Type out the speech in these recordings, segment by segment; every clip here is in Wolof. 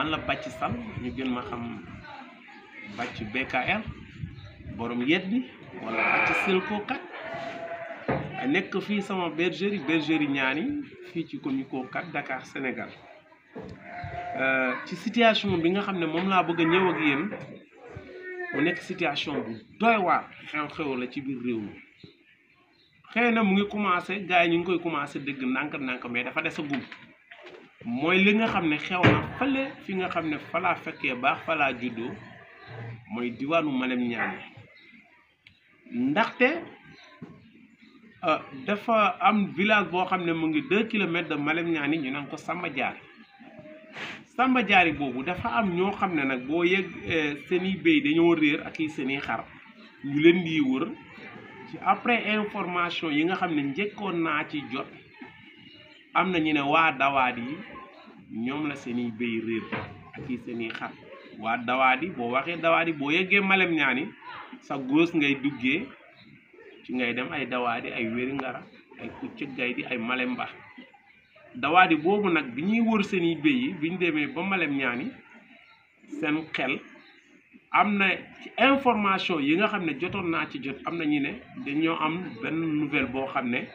man la Bàcc sal ñu gën ma xam Bàcc BKR borom yet bi wala Bàcc Silko kat nekk fii sama bergerie bergerie ñaani fii ci commune Kokat Dakar Sénégal euh, ci situation bi nga xam ne moom laa bëgg a ñëw ak yéen mu nekk situation bu doy waar xew-xew la ci biir réew mi xëy na mu ngi commencé gars yi ñu ngi koy commencé dégg ndànk-ndànk mais dafa des a gum mooy li nga xam ne xew na fële fi nga xam ne falaa fekkee baax falaa juddoo mooy diwaanu Malem Niani ndaxte euh, dafa am village boo xam ne mu ngi deux kilomètres de Malem Niani ñu naan ko Samba Diary Samba Diary boobu dafa am ñoo xam ne nag boo yegg euh, seeni béy dañoo réer ak i seeni xar ñu leen di wër ci après information yi nga xam ne njëkkoon naa ci jot am na ñu ne waadawaad yi ñoom la seeni béy réer ak i seeni xar waa dawaadi boo waxee dawaadi boo yeggee malem ñaani sa góos ngay duggee ci ngay dem ay dawaadi ay wéri ngara ay kuccëg gay di ay malem ba dawaadi boobu nag bi ñuy wër seeni béy yi bi ñu demee ba malem ñaani seen xel am na ci information yi nga xam ne jotoon naa ci jot am na ñu ne dañ dañoo am benn nouvelle boo xam ne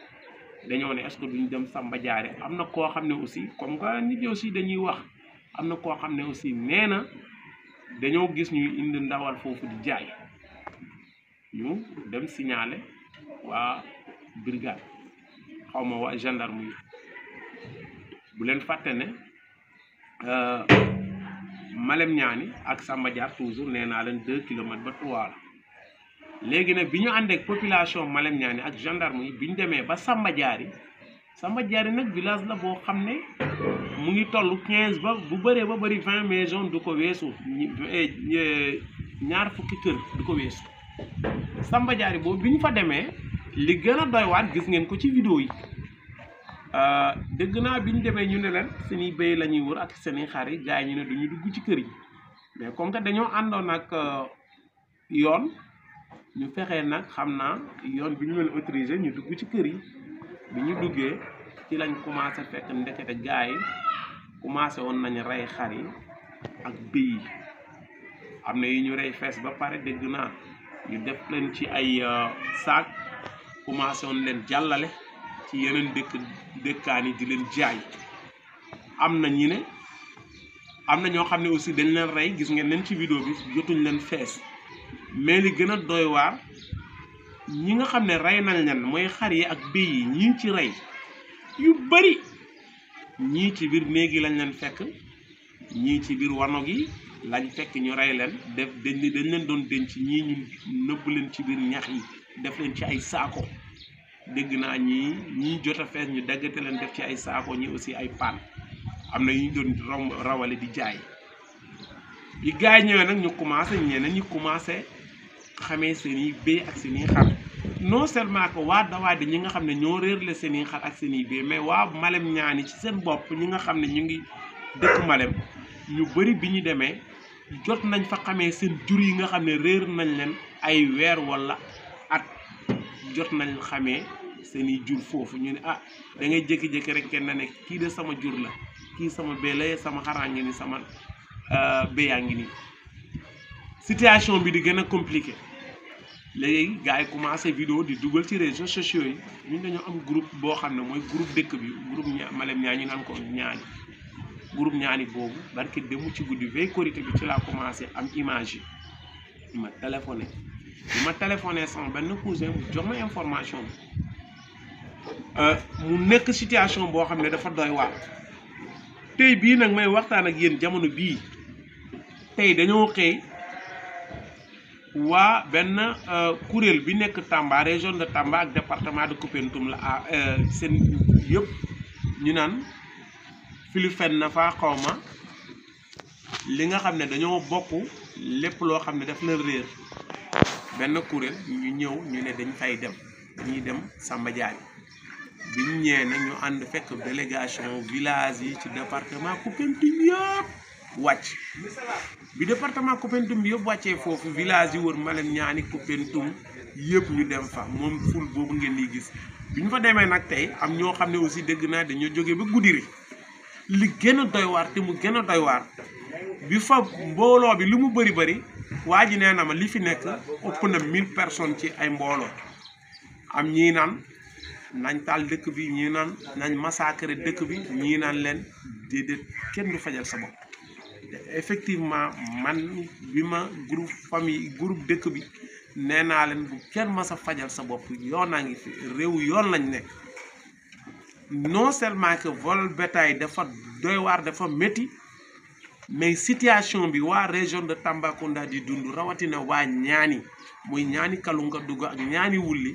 dañoo ne est-ce que duñ dem Samba Diaré am na koo xam ne aussi comme que nit ñi aussi dañuy wax am na koo xam ne aussi nee na dañoo gis ñuy indi ndawal foofu di jaay ñu dem siñaale waa brigade xawma ma waa gendarme bu leen fàtte ne euh, Malem ñaani ak Samba Diar toujours nee naa leen deux kilomètres ba trois la léegi nag bi ñu àndee ak population Malem Niani ak gendarme yi bi ñu demee ba Samba Diary Samba Diary nag village la boo xam ne mu ngi toll quinze ba bu bëree ba bëri vingt maison du ko weesu eh, ñaar fukki kër du ko weesu Samba Diary boobu bi ñu fa demee li gën a doy waat gis ngeen ko ci vidéo yi euh, dëgg naa bi ñu demee ñu ne leen seeni béy la ñuy wër ak seeni xari yi yi ñu ne du ñu dugg ci kër yi mais comme que dañoo àndoon ak euh, yoon ñu fexee nag xam naa yoon bi ñu leen autorisé ñu dugg ci kër yi bi ñu duggee ci lañ commencé fekk ndekete gaa yi commencé woon nañu rey xar yi ak bëy yi am na yi ñu rey fees ba pare dégg naa ñu def leen ci ay euh, saak commencé woon leen jàllale ci yeneen dëkk dëkkaan yi di leen jaay am na ñu ne am na ñoo xam ne aussi dañ leen rey gis ngeen leen ci vidéo bi jotuñ leen fees mais li gën a doy waar ñi nga xam ne rey nañ leen mooy xar yi ak béy yi ñii ci rey yu bari ñii ci biir néeg yi lañ leen fekk ñii ci biir wanog yi lañ fekk ñu rey leen def dañ dañ leen doon denc ñii ñu nëbb leen ci biir ñax yi def leen ci ay saako dégg naa ñii ñii jot a fees ñu daggate leen def ci ay saako ñi aussi ay paan am na ñu doon rawale di jaay yi gars yi ñëwee nag ñu commencé ñeneen ñu commencé. xamee seen i béy ak seen i xar non seulement que waa dawaadi ñi nga xam ne ñoo réerle seen i xar ak seen i mais waa Malem ñaani ci seen bopp ñi nga xam ne ñu ngi dëkk Malem ñu bëri bi ñu demee jot nañ fa xamee seen jur yi nga xam ne réer nañ leen ay weer walla at jot nañ xamee seeni i jur foofu ñu ne ah dangay ngay jékki rek kenn na nekk kii de sama jur la kii sama béy la sama xaraa ngi ni sama béyaa ngi nii euh, situation bi di gën a compliqué léegi gars yi commencé vidéo di dugal ci réseaux sociaux yi ñun dañoo am groupe boo xam ne mooy groupe dëkk bi groupe ña Malem ñaa ñu naan ko ñaani groupe ñaani boobu barki démb ci guddi veille korité bi ci laa commencé am image yi ma téléphoné bi ma téléphoné sama benn cousin jox ma information bi euh, mu nekk situation boo xam ne dafa doy waar tey bii nag may waxtaan ak yéen jamono bii tey dañoo xëy waa benn euh, kuréel bi nekk Tamba région de Tamba ak département de Koupentoum la ah euh, seen yëpp ñu naan filu fen na faa xawma li nga xam ne dañoo bokk lépp loo xam ne daf la réer benn kuréel ñu ñëw ñu ne dañ fay dem dañuy dem Samba Diagne biñ ñëwee nag ñu ànd fekk délégation village yi ci département Koupentoum yëpp wàcc bi département Koupentoum yëpp wàccee foofu village yi wër Malem Niani Koupentoum yëpp ñu dem fa moom ful boobu ngeen di gis bi ñu fa demee nag tey am ñoo xam ne aussi dégg naa dañu jógee ba Goudiri li gën a doy te mu gën a bi fa mbooloo bi li mu bëri bari waa ji nee na ma li fi nekk ëpp na mille personnes ci ay mbooloo am ñii naan nañ taal dëkk bi ñii naan nañ massacrer dëkk bi ñii naan leen déedéet kenn du fajal sa bopp effectivement man bi ma groupe famille groupe dëkk bi nee naa leen bu kenn mas fajal sa bopp yoon naa ngi fi réew yoon lañ nekk non seulement que vol bétail dafa doy waar dafa métti mais situation bi waa région de Tambacounda di dund rawatina waa ñaani muy ñaani Kalunga dugg ak ñaani wulli